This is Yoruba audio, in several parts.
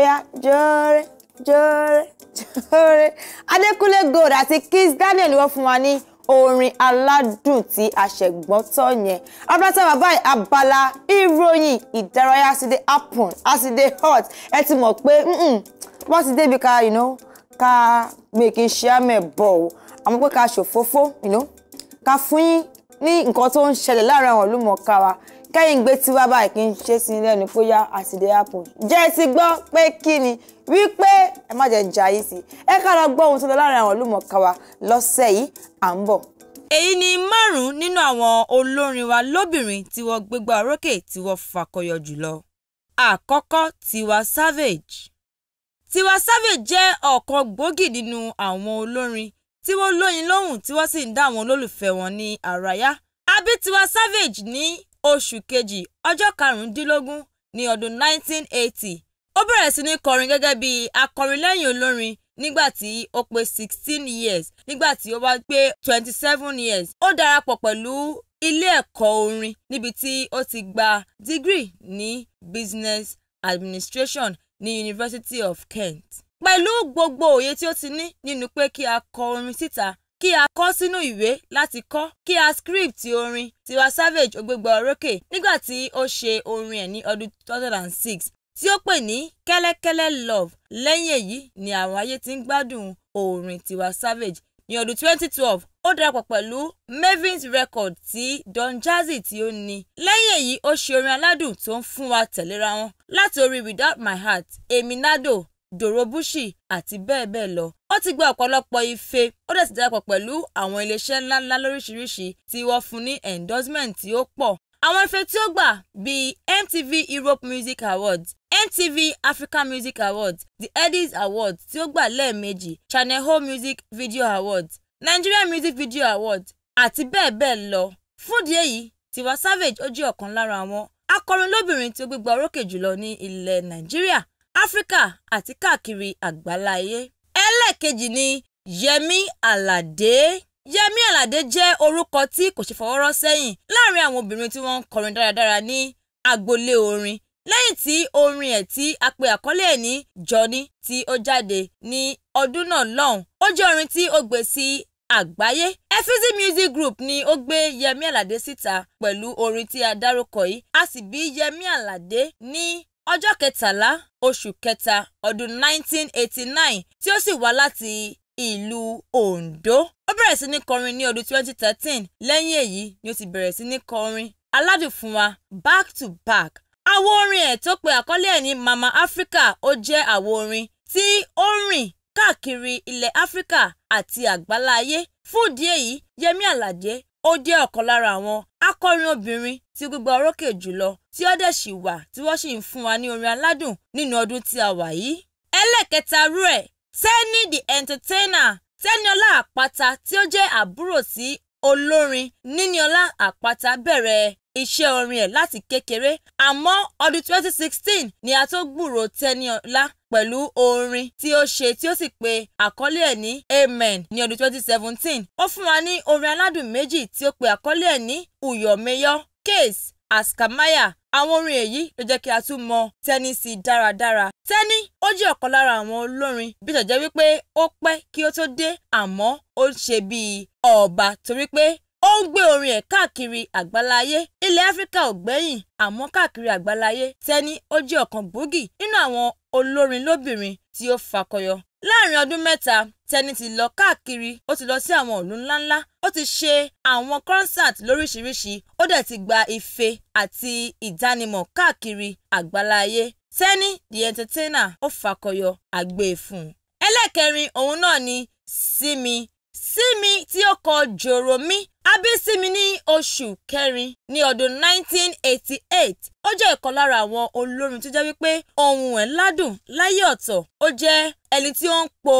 ẹ̀yà jọ́ọ́rẹ́ jọ́ọ́rẹ́ jọ́ọ́rẹ́ Adékúnlé Gold àti Kiss Daniel wọ́n fún wa ní orin aládùn tí àṣẹ̀gbọ́tọ̀ yẹn abúlátà bàbá abala ìròyìn ìdárayá ti dé happen a ti dé hot ẹ ti mọ̀ pé wọ́n ti débi ká you know ká gbé kí n ṣe àmẹ́ bọ̀ o àmọ́ pé ká ṣòfófó you know ká fún yín ní nǹkan tó ń ṣẹlẹ̀ láàárín àwọn olùmọ̀ọ́ká wa kẹ́yìn gbé tí wá báyìí kí n ṣe sí lẹ́nu pé yá àtìdé e apple jẹ́ ti gbọ́ pé kí ni wípé ẹ má jẹ́ jà yìí sí ẹ ká lọ gbọ́ ohun tó lọ láàrin àwọn olùmọ̀ọ́ká wa lọ́sẹ̀ yìí à ń bọ̀. èyí ni márùn-ún nínú àwọn olórin wa lóbìnrin tí wọ́n gbégbá orókè tí wọ́n fakọyọ jùlọ. àkọ́kọ́ Tiwa Savage Tiwa Savage jẹ́ ọ̀kan gbòógì nínú àwọn olórin tí wọ́n lóyin lóhùn tí wọ́n sì ń dá àwọn olólùfẹ́ wọn ní àráyá. àbí Savage ní oṣù kejì ọjọ́ karùndínlógún ní ọdún 1980 ó bẹ̀rẹ̀ sí ní kọrin gẹ́gẹ́ bí akọrinlẹ́yìn olórin nígbà tí ó pé 16 years nígbà tí ó bá pé 27 years ó darapọ̀ pẹ̀lú ilé ẹ̀kọ́ orin níbi tí ó ti gba degree ní business administration ní University of Kent pẹ̀lú gbogbo òye tí ó ti ní nínú pé kí a kọ orin síta kí a kọ sínú ìwé láti kọ kí a script orin Tiwa Savage Ògbégbà Orókè nígbà tí ó ṣe orin ẹ̀ ní ọdún 2006 tí ó pè ní Kẹ́lẹ́kẹ́lẹ́ Love lẹ́yìn èyí ni àwọn ayé ti ń gbádùn orin Tiwa Savage ní ọdún 2012 ó darapọ̀ pẹ̀lú Mavins Record ti Don Jazzy tí ó ní. lẹ́yìn èyí ó ṣe orin aládùn tó ń fún wa tẹ̀léra wọn láti orí Without My Heart Eminado Dorobushi búṣì àti bẹ́ẹ̀ bẹ́ẹ̀ lọ. ó ti gba ọ̀pọ̀lọpọ̀ ife ó dẹ̀ ti darapọ̀ pẹ̀lú àwọn iléeṣẹ́ ńláńlá lóríṣiríṣi tí wọ́n fún ní endorsement tí ó pọ̀. àwọn ife tí ó gbà bíi MTV Europe Music Awards MTV Africa Music Awards the Eddies Awards tí ó gbà lẹ́ẹ̀mejì Channel Home Music Video Awards Nigeria Music Video Awards àti bẹ́ẹ̀ bẹ́ẹ̀ lọ. fúndì èyí Tiwa Savage ó jẹ́ ọ̀kan lára àwọn akọrin lóbìnrin tí ó gbégbá orókè jùlọ ní ilẹ̀ Nàìjíríà áfíríkà àti káàkiri àgbáláyé. ẹlẹ́ẹ̀kejì ni yẹmí àlàdé yẹmí àlàdé jẹ́ orúkọ tí kò ṣe fọwọ́rọ́ sẹ́yìn láàrin àwọn obìnrin tí wọ́n ń kọrin dáradára ní agboolé orin lẹ́yìn tí orin ẹ̀ tí a pe àkọlé ẹ̀ ní Johnny tí ó jáde ní ọdún náà lọ́hùn ó jẹ́ orin tí ó gbé sí àgbáyé efizi music group ni ó gbé yẹmí àlàdé síta pẹ̀lú orin tí a dárúkọ yìí a sì bí yẹmí àlàdé ní ọjọ́ kẹtàlá oṣù kẹta ọdún 1989 tí ó sì wá láti ìlú Ondo ó bẹ̀rẹ̀ sí ní kọrin ní ọdún 2013 lẹ́yìn èyí ni ó ti bẹ̀rẹ̀ sí ní kọrin aládùn fún wa back to back àwo orin ẹ̀ tó pe àkọ́lé ẹ̀ ní Mama Africa ó jẹ́ àwo orin tí ó rìn káàkiri ilẹ̀ Áfíríkà àti àgbáláyé fún ìdí èyí Yẹmí Àlàdé Ó jẹ́ ọ̀kan lára àwọn akọrin obìnrin tí gbígba orókè jùlọ tí ó dẹ̀ ṣì wà tí wọ́n sì ń fún wa ní orin aládùn nínú ọdún tí a wà yìí. Ẹlẹ́kẹta rú ẹ̀ Tẹ́ni the Entertainer Tẹ́niọlá Àpáta tí ó jẹ́ àbúrò sí olórin Níniọlá Àpáta bẹ̀rẹ̀ iṣẹ́ orin ẹ̀ láti kékeré àmọ́ ọdún 2016 ni a tó gbúròó Tẹ́niọlá pẹ̀lú orin tí ó ṣe tí ó sì pe àkọ́lé ẹ̀ ní amen ní ọdún 2017. ó fún wa ní orin aládùn méjì tí ó pe àkọ́lé ẹ̀ ní uyọ̀mẹyọ case askamaya àwọn orin èyí ló jẹ́ kí a tún mọ tẹ́ni sí dáradára. tẹ́ni ó jẹ́ ọ̀kan lára àwọn olórin bí tọ̀jẹ́ wípé ó pẹ́ kí ó tó dé àmọ́ ó ń ṣe bíi ọba torí pé ó ń gbé orin ẹ̀ káàkiri àgbáláyé ilẹ̀ áfíríkà ò gbẹ́yìn àmọ́ káàkiri àgbáláyé Tẹ́ni ó jẹ́ ọ̀kan gbòógì nínú àwọn olórin lóbìnrin tí ó fakọyọ láàrin ọdún mẹ́ta Tẹ́ni ti lọ káàkiri ó ti lọ sí àwọn ìlú ńláńlá ó ti ṣe àwọn concert lóríṣiríṣi ó dẹ̀ ti gba ife àti ìdánimọ̀ káàkiri àgbáláyé Tẹ́ni the entertainer ó fakọyọ àgbéfún ẹlẹ́kẹrin òun náà ni simi Sími tí ó kọ Jòròmí a bí sími ní oṣù kẹrin ní ọdún 1988 ó jẹ́ ìkan lára àwọn olórin tó jẹ́ wípé ohùn ẹ̀ ládùn láyé ọ̀tọ̀ ó jẹ́ ẹni tí ó ń po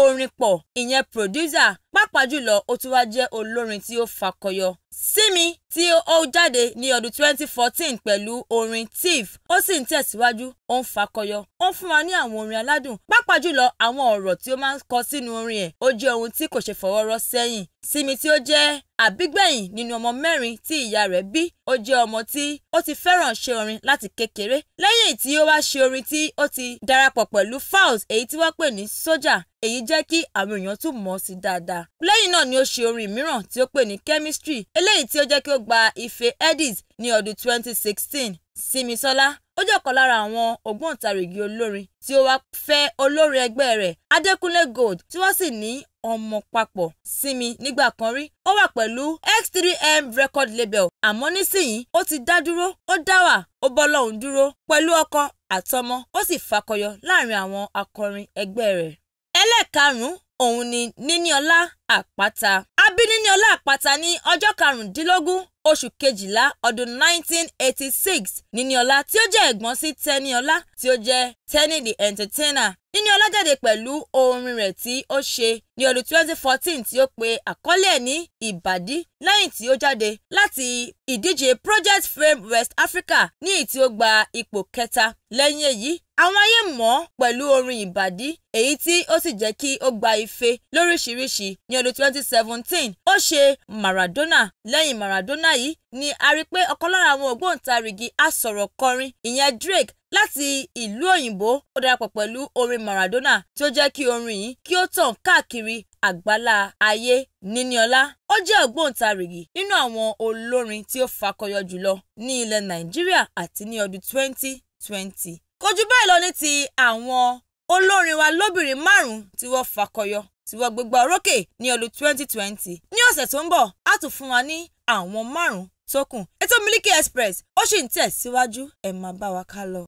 orin pọ̀ ìyẹn pòdúsà pàápàá jùlọ ó tún wá jẹ́ olórin tí ó fakọyọ sími tí ó jáde ní ọdún 2014 pẹ̀lú orin tiv ó sì ń tẹ̀síwájú ó ń fakọyọ ó ń fún wa ní àwọn orin aládùn pàápàá jùlọ àwọn ọ̀rọ̀ tí ó máa ń kọ sínú orin ẹ̀ ó jẹ́ ohun tí kò ṣe fọwọ́rọ́ sẹ́yìn Simi tí ó jẹ́ àbígbẹ̀yìn nínú ọmọ mẹ́rin tí ìyá rẹ̀ bí ó jẹ́ ọmọ tí ó ti fẹ́ràn ṣe orin láti kékeré lẹ́yìn tí ó wá ṣe orin tí ó ti darapọ̀ pẹ̀lú falz èyí tí wọ́n pè ní sójà èyí jẹ́ kí àwọn èèyàn tún mọ̀ ọ́ sí dáadáa. lẹ́yìn náà ni ó ṣe orin mìíràn tí ó pè ní chemistry eléyìí tí ó jẹ́ kí ó gba ife edis ní ọdún 2016 Simisola ó jẹ́ ọ̀kan lára àwọn ògbóǹtarìgì olórin tí ó wá fẹ́ olórin ẹgbẹ́ rẹ̀ Adékúnlé Gold tí wọ́n sì ní ọmọ papọ̀ sími nígbà kan rí ó wà pẹ̀lú X3M record label àmọ́ nísìnyí ó ti dá dúró ó dá wà ó bọ́ lọ́hùn dúró pẹ̀lú ọkọ àtọmọ ó sì fakọyọ láàrin àwọn akọrin ẹgbẹ́ rẹ̀ ẹlẹ́ẹ̀karùn-ún òun ni Níníọlá Àpáta bí níní ọlá àpáta ní ọjọ́ karùndínlógún oṣù kejìlá ọdún 1986 níní ọlá tí ó jẹ́ ẹ̀gbọ́n sí tẹ́ni ọlá tí ó jẹ́ tẹ́ni the entertainer Eniola jáde pẹ̀lú orin rẹ̀ tí ó ṣe ní ọdún 2014 tí ó pe àkọ́lé ẹ̀ ní Ìbàdí lẹ́yìn tí ó jáde láti ìdíje Project Fame West Africa ní èyí tí ó gba ipò kẹta lẹ́yìn èyí àwọn ayé mọ̀ ọ́ pẹ̀lú orin Ìbàdí èyí tí ó sì jẹ́ kí ó gba ife lóríṣiríṣi ní ọdún 2017 ó ṣe Maradona lẹ́yìn Maradona yìí ni a rí pé ọ̀kan lára àwọn ògbóǹtarìgì asọ̀rọ̀kọrin ìyẹn Drake láti ìlú òyìnbó ó darapọ̀ pẹ̀lú orin Maradona tí ó jẹ́ kí orin yìí kí ó tàn káàkiri àgbálá ayé níníọlá ó jẹ́ ògbóǹtarìgì nínú àwọn olórin tí ó fakọyọ jùlọ ní ilẹ̀ nàìjíríà àti ní ọdún 2020 kò báyìí lọ ní ti àwọn olórin wa lóbìnrin márùn-ún tí wọ́n fakọyọ tí wọ́n gbégbá orókè ní ọdún 2020 ní ọ̀sẹ̀ tó ń bọ̀ á tún fún wa ní àwọn márùn-ún tó ètò Miliki Express ó sì ń tẹ̀síwájú ẹ máa bá wa ká lọ.